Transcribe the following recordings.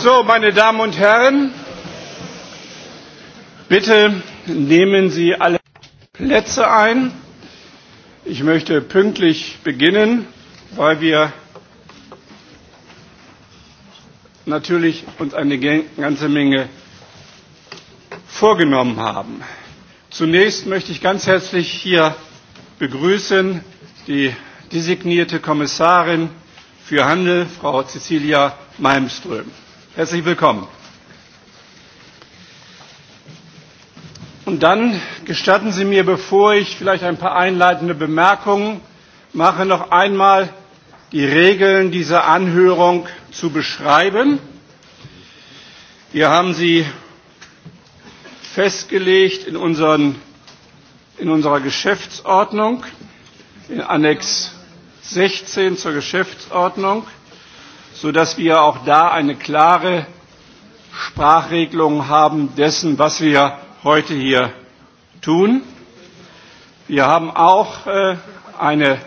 So, meine Damen und Herren, bitte nehmen Sie alle Plätze ein. Ich möchte pünktlich beginnen, weil wir natürlich uns eine ganze Menge vorgenommen haben. Zunächst möchte ich ganz herzlich hier begrüßen die designierte Kommissarin für Handel, Frau Cecilia Malmström. Herzlich willkommen. Und dann gestatten Sie mir, bevor ich vielleicht ein paar einleitende Bemerkungen mache, noch einmal die Regeln dieser Anhörung zu beschreiben. Wir haben sie festgelegt in, unseren, in unserer Geschäftsordnung, in Annex 16 zur Geschäftsordnung sodass wir auch da eine klare Sprachregelung haben dessen, was wir heute hier tun. Wir haben auch äh, eine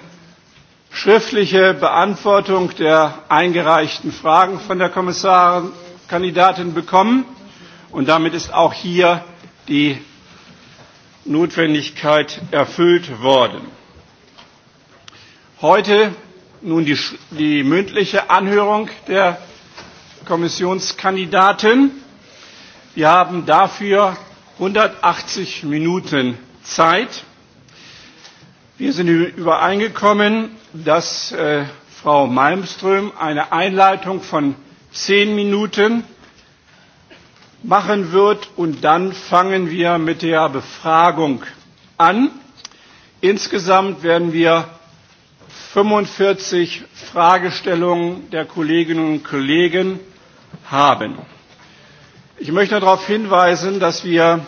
schriftliche Beantwortung der eingereichten Fragen von der Kommissarenkandidatin bekommen. Und damit ist auch hier die Notwendigkeit erfüllt worden. Heute nun die, die mündliche Anhörung der Kommissionskandidatin. Wir haben dafür 180 Minuten Zeit. Wir sind übereingekommen, dass äh, Frau Malmström eine Einleitung von zehn Minuten machen wird und dann fangen wir mit der Befragung an. Insgesamt werden wir 45 Fragestellungen der Kolleginnen und Kollegen haben. Ich möchte darauf hinweisen, dass wir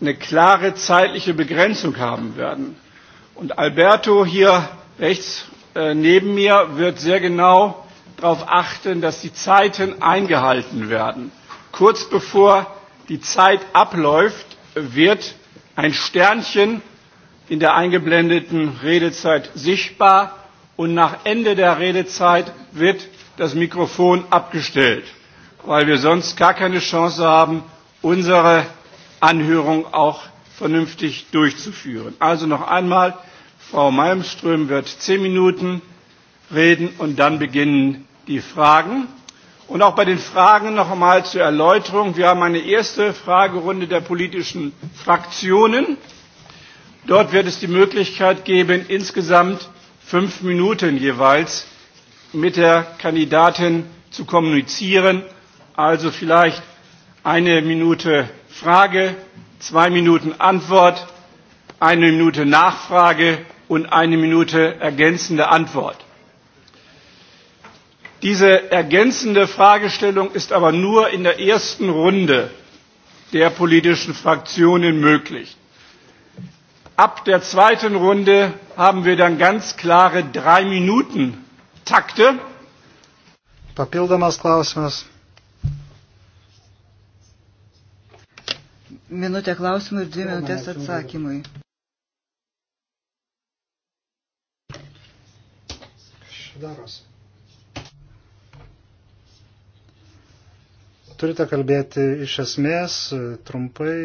eine klare zeitliche Begrenzung haben werden. Und Alberto hier rechts äh, neben mir wird sehr genau darauf achten, dass die Zeiten eingehalten werden. Kurz bevor die Zeit abläuft, wird ein Sternchen in der eingeblendeten Redezeit sichtbar und nach Ende der Redezeit wird das Mikrofon abgestellt, weil wir sonst gar keine Chance haben, unsere Anhörung auch vernünftig durchzuführen. Also noch einmal, Frau Malmström wird zehn Minuten reden und dann beginnen die Fragen. Und auch bei den Fragen noch einmal zur Erläuterung. Wir haben eine erste Fragerunde der politischen Fraktionen. Dort wird es die Möglichkeit geben, insgesamt fünf Minuten jeweils mit der Kandidatin zu kommunizieren. Also vielleicht eine Minute Frage, zwei Minuten Antwort, eine Minute Nachfrage und eine Minute ergänzende Antwort. Diese ergänzende Fragestellung ist aber nur in der ersten Runde der politischen Fraktionen möglich. Ab der zweiten Runde haben wir dann ganz klare drei Minuten Takte. Papildomas klausimas. Minutė klausimui ir dvi minutės atsakymui. Darosi. Turite kalbėti iš esmės, trumpai,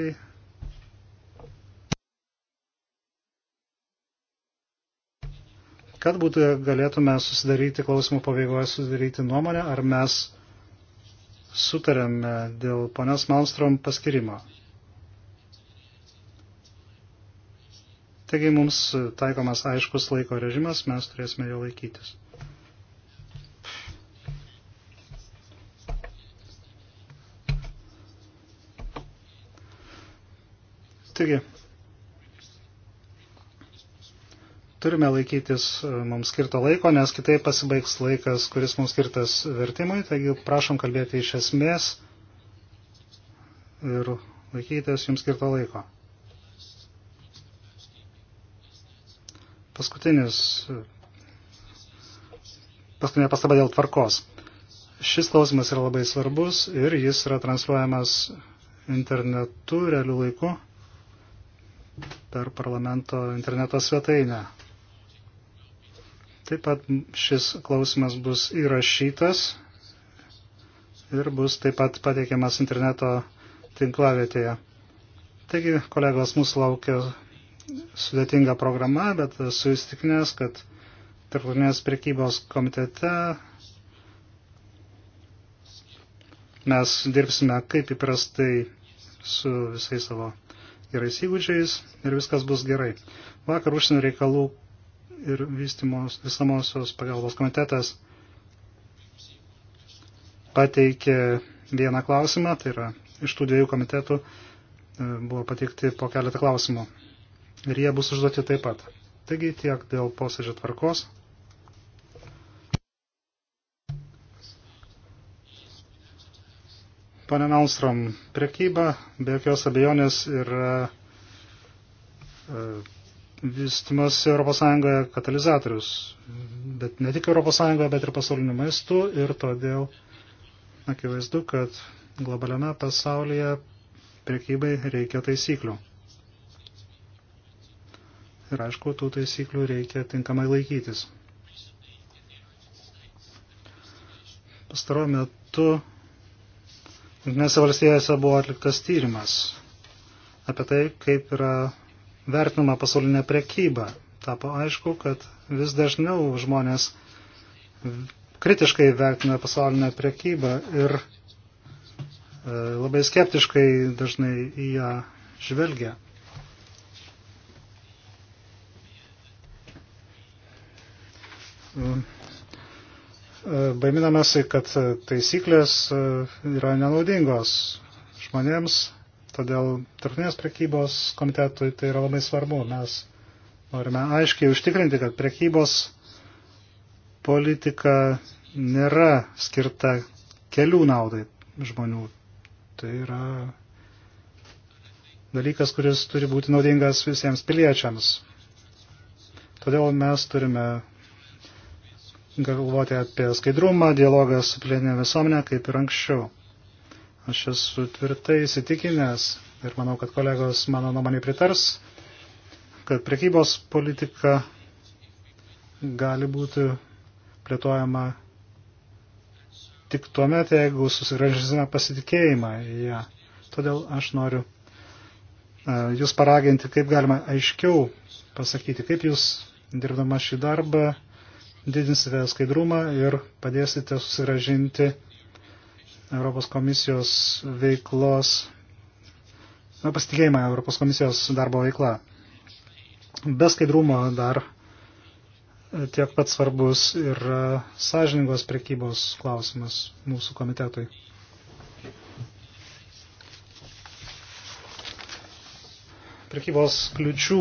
kad būtų galėtume susidaryti klausimų pabaigoje, susidaryti nuomonę, ar mes sutarėme dėl ponios Malmstrom paskirimo. Taigi mums taikomas aiškus laiko režimas, mes turėsime jo laikytis. Taigi, turime laikytis e, mums skirto laiko, nes kitaip pasibaigs laikas, kuris mums skirtas vertimui. Taigi prašom kalbėti iš esmės ir laikytis jums skirto laiko. Paskutinis. Paskutinė pastaba dėl tvarkos. Šis klausimas yra labai svarbus ir jis yra transliuojamas internetu realiu laiku per parlamento interneto svetainę. Taip pat šis klausimas bus įrašytas ir bus taip pat pateikiamas interneto tinklavietėje. Taigi, kolegos, mūsų laukia sudėtinga programa, bet esu įstikinęs, kad Tarptautinės priekybos komitete mes dirbsime kaip įprastai su visais savo gerais įgūdžiais ir viskas bus gerai. Vakar užsienio reikalų ir vystimos, visamosios pagalbos komitetas pateikė vieną klausimą, tai yra iš tų dviejų komitetų e, buvo pateikti po keletą klausimų. Ir jie bus užduoti taip pat. Taigi tiek dėl posėdžio tvarkos. Pane Melstrom, prekyba be jokios abejonės yra e, vystimas ES katalizatorius, bet ne tik ES, bet ir pasauliniu maistu ir todėl akivaizdu, kad globaliame pasaulyje priekybai reikia taisyklių. Ir aišku, tų taisyklių reikia tinkamai laikytis. Pastaruoju metu Jungtinėse valstijose buvo atliktas tyrimas apie tai, kaip yra vertinama pasaulinė prekyba. Tapo aišku, kad vis dažniau žmonės kritiškai vertina pasaulinę prekybą ir e, labai skeptiškai dažnai į ją žvelgia. E, e, Baiminamasi, kad taisyklės yra nenaudingos žmonėms Todėl tarptautinės prekybos komitetui tai yra labai svarbu. Mes norime aiškiai užtikrinti, kad prekybos politika nėra skirta kelių naudai žmonių. Tai yra dalykas, kuris turi būti naudingas visiems piliečiams. Todėl mes turime galvoti apie skaidrumą, dialogą su plėnė visuomenė, kaip ir anksčiau. Aš esu tvirtai įsitikinęs ir manau, kad kolegos mano nuomonį pritars, kad prekybos politika gali būti plėtojama tik tuo met, jeigu susigražysime pasitikėjimą į ją. Todėl aš noriu e, jūs paraginti, kaip galima aiškiau pasakyti, kaip jūs, dirbdama šį darbą, didinsite skaidrumą ir padėsite susiražinti Europos komisijos veiklos, pasitikėjimą Europos komisijos darbo veikla. Be skaidrumo dar e, tiek pat svarbus ir e, sąžiningos prekybos klausimas mūsų komitetui. Prekybos kliučių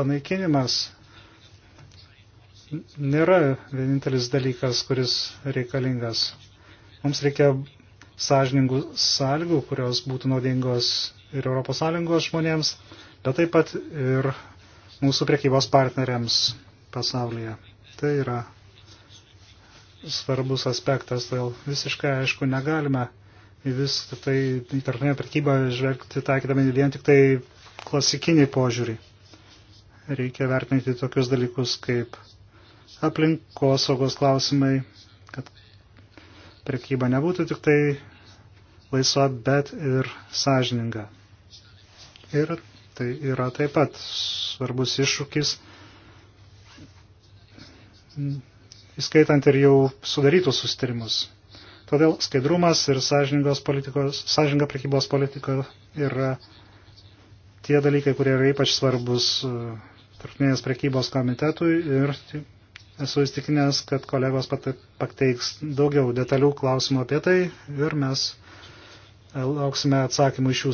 panaikinimas nėra vienintelis dalykas, kuris reikalingas. Mums reikia sąžiningų sąlygų, kurios būtų naudingos ir ES žmonėms, bet taip pat ir mūsų priekybos partneriams pasaulyje. Tai yra svarbus aspektas, todėl visiškai aišku negalime į vis tai internetinę prekybą žvelgti taikydami vien tik tai klasikinį požiūrį. Reikia vertinti tokius dalykus kaip aplinkosaugos klausimai, kad prekyba nebūtų tik tai laisva, bet ir sąžininga. Ir tai yra taip pat svarbus iššūkis, įskaitant ir jau sudarytus sustarimus. Todėl skaidrumas ir sąžininga prekybos politika yra tie dalykai, kurie yra ypač svarbus e, tarptautinės prekybos komitetui ir Esu įstikinęs, kad kolegos pateiks daugiau detalių klausimų apie tai ir mes lauksime atsakymų iš jūsų.